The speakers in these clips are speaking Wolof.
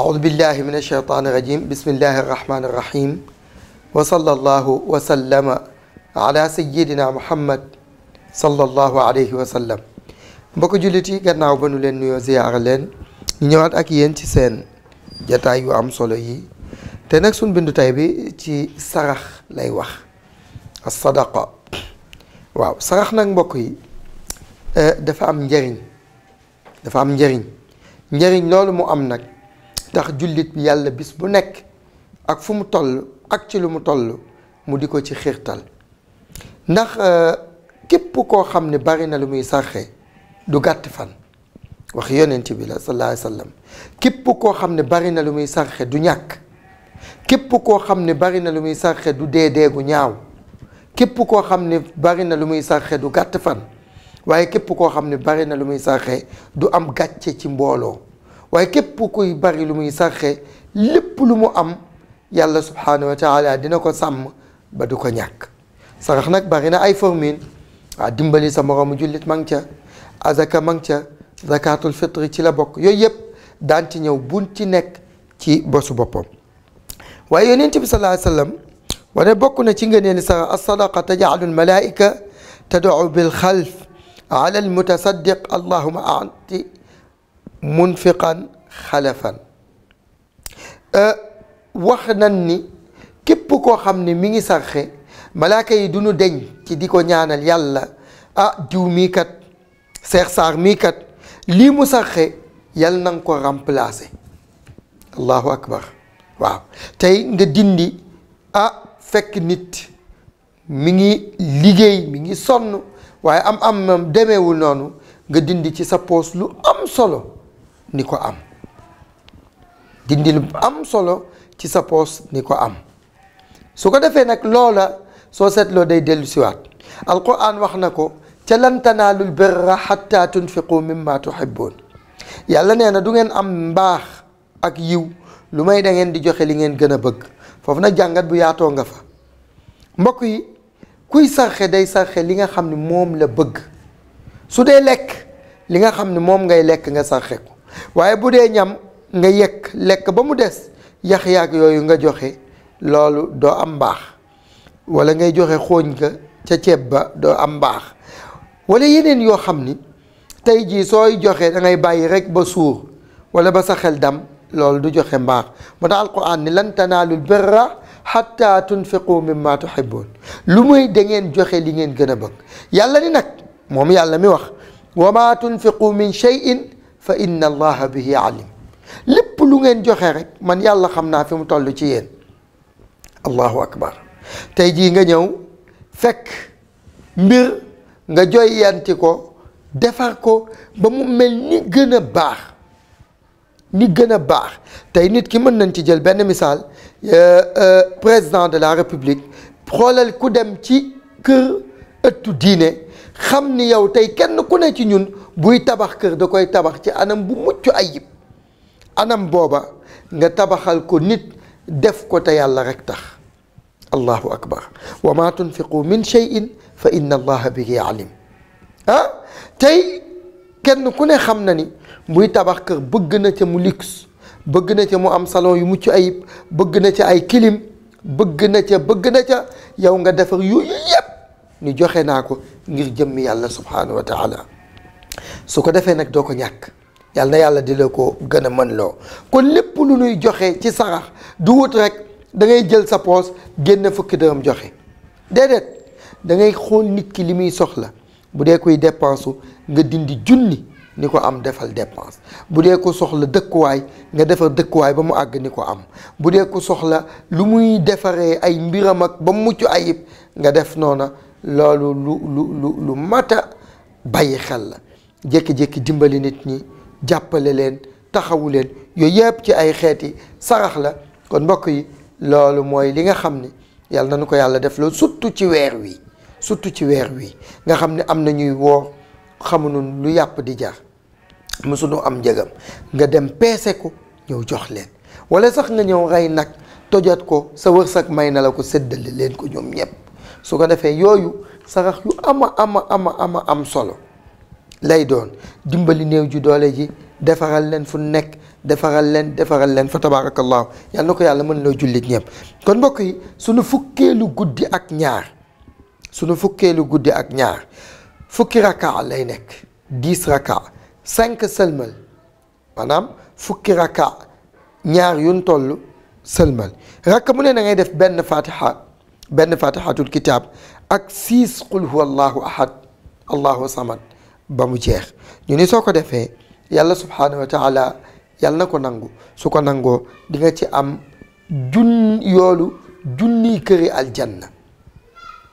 aoudubillahi min alsheytaan irajim bismillahi irrahmani irrahim wa sallallahu wa sallama ala sayidina muhammad sallallahu alayhi wa sallam gannaaw ba nu leen nuyoo ziyaara leen ñu ñëwaat ak yéen ci seen jataay yu am solo yi te nag suñ bindu tay bi ci sarax lay wax as-sadaqa waaw sarax nag mbokk yi eh, dafa am njariñ dafa am njëriñ njëriñ loolu mu am nag tax jullit yàlla bis bu nekk ak fu mu toll ak ci lu mu toll mu di ko ci xiirtal ndax euh, képp koo xam ne bari na lu muy sàrxe du gàtt fan wax yonent bi la sallallahu képp koo xam ne bari na lu muy sàrxe du ñàkk képp koo xam ne bari na lu muy sàrxe du dee dee gu ñaaw képp koo xam ne bari na lu muy sàrxe du gàtt fan waaye képp koo xam ne bari na lu muy sàrxe du am gàcce ci mbooloo waaye képp kuy bari lu muy sarxe lépp lu mu am yàlla subhanahu wa taala dina ko sàmm ba du ko ñàkk sarax nag bari na ay formule waa dimbali sa moroomu jullit ma ngi ca azaka ma ngi ca zakatul fitri ci la bokk yooyu yëpp daan ci ñëw buñ ci nekk ci bosu boppam waaye yonent bi sallallahu alayhi wa sallam wane bokk na ci ngëneeli sarax as-sadaqa taj'alu al-malaa'ika tad'u bil khalf ala al-mutasaddiq allahumma a'ti munfiqan xalafan euh, wax nan ni képp koo xam ni mi ngi sarxe malaaka yi du ñu deñ ci di ko ñaanal yàlla a ah, diw mii kat seex saar mii kat lii mu sarxe yàlla na ko remplacer allahu akbar waaw tey nga dindi ah fekk nit mu ngi liggéey mi ngi sonn waaye am am demeewul noonu nga dindi ci sa poos lu am solo ni ko am dindi lu am solo ci sa poos ni ko am su ko defee nag loola soo seetloo day dellu siwaat alquran wax na ko ca lan tanaalul birra xatta tunfiqu mimma tuhibbuun yàlla nee na du ngeen am mbaax ak yiw lu may dangeen di joxe li ngeen gën a bëgg foofu nag jàngat bu yaatoo nga fa mbokk yi kuy sarxe day sarxe li nga xam ni moom la bëgg su dee lekk li nga xam ni moom ngay lekk nga sarxe waye budé ñam nga yek lek ba mu dess yax yak yooyu nga joxe lolu do am bax wala ngay joxe xogn ka ca ceeb ba do am bax wala yeneen yo xamni tay ji soy joxe da ngay bàyyi rek ba sour wala ba sa xel dam lolu du joxe mbax mo dal alquran ni lan tanaalul birra xatta tunfiqu mimma tuhibbun lu muy da ngeen joxe li ngeen gën a bëgg yàlla ni nag moom yàlla mi wax wa ma tunfiqu min فإن الله به عليم لب lépp lu ngeen joxe rek man yàlla xam naa fi mu toll ci yéen allahu akbar nga ñëw fekk mbir nga joyyanti ko defar ko ba mu mel ni gën a ni gën bax tay nit ki mën nañ ci jël ben benn euh président de la république xolal ku dem ci keur ëttu diine xam ni yow tey kenn ku ne ci ñun buy tabax kër da koy tabax ci anam bu mucc ayib anam booba nga tabaxal ko nit def ko te yàlla rek tax allahu akbar wa ma tunfiqu min cheyin fa inna allaha bihi alim ah tey kenn ku ne xam na ni buy tabax kër bëgg na ci mu luxe bëgg na ca mu am salon yu mucc ayib bëgg na ca ay kilim bëgg na ca bëgg na ca yow nga defar yu ni joxe naa ko ngir jëmmi yàlla subhaanahu wa su ko defee nag doo ko ñàkk yàlla na yàlla di la ko gën a mën loo kon lépp lu nuy joxe ci sarax du wut rek da ngay jël sa poos génn fukki dërëm joxe déedéet da ngay xool nit ki li muy soxla bu dee koy dépense nga dindi junni ni ko am defal dépense bu dee ko soxla dëkkuwaay nga defar dëkkuwaay ba mu àgg ni ko am bu dee ko soxla lu muy defaree ay mbiram ak ba mu mucc ayib nga def noona loolu lu lu lu lu mat a bàyyi xel la jékki-jékki dimbali nit ñi jàppale leen taxawu leen yooyu yëpp ci ay xeeti sarax la kon mbokk yi loolu mooy li nga xam ni yàlla nañu ko yàlla def loolu surtout ci weer wi surtout ci weer wi nga xam ne am na ñuy woor xamuñu lu yàpp di jar mësuñu am njëgam nga dem peese ko ñëw jox leen wala sax nga ñëw rey nag tojat ko sa wërsëg may na la ko séddale leen ko ñoom ñëpp su ko defee yooyu sarax yu ama ama am solo lay doon dimbali néew ji doole ji defaral leen fu nekk defaral leen defaral leen fa tabaarakallaahu yal na ko yàlla mën loo jullit ñëpp kon mbokk yi sunu fukkeelu guddi ak ñaar sunu fukkeelu guddi ak ñaar fukki raka lay nekk dix raka cinq sëlmal maanaam fukki raka ñaar yun toll sëlmal raka mu ne na ngay def benn fatiha benn fatihatul kitab ak six qul huwa allahu ahad allahu samad ba mu jeex ñu ni soo ko defee yàlla subhanahu wa taala yàlla na ko nangu su ko nangoo di nga ci am jun yoolu junniy këri aljanna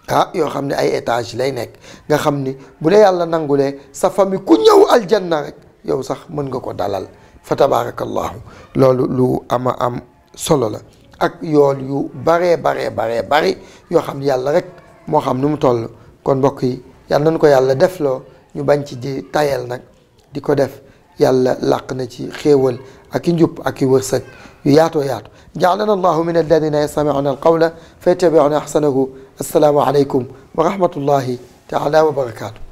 ah yoo xam ne ay étage lay nekk nga xam ni bu la yàlla nangulee sa famille ku ñëw aljanna rek yow sax mën nga ko dalal fa tabaarakallahu loolu lu ama am solo la ak yool yu baree baree baree bari yoo xam yàlla rek moo xam nu mu toll kon mbokk yi yàlla nañu ko yàlla def loo ñu bañ ci di tayal nag di ko def yàlla laq na ci xéewal ak i njub ak i wërsëg yu yaatoo yaatu jaalana allahu min alladina yastamicuuna alqawla fa yattabicuuna axsanahu assalaamu aleykum wa rahmatullahi taala wa barakaatu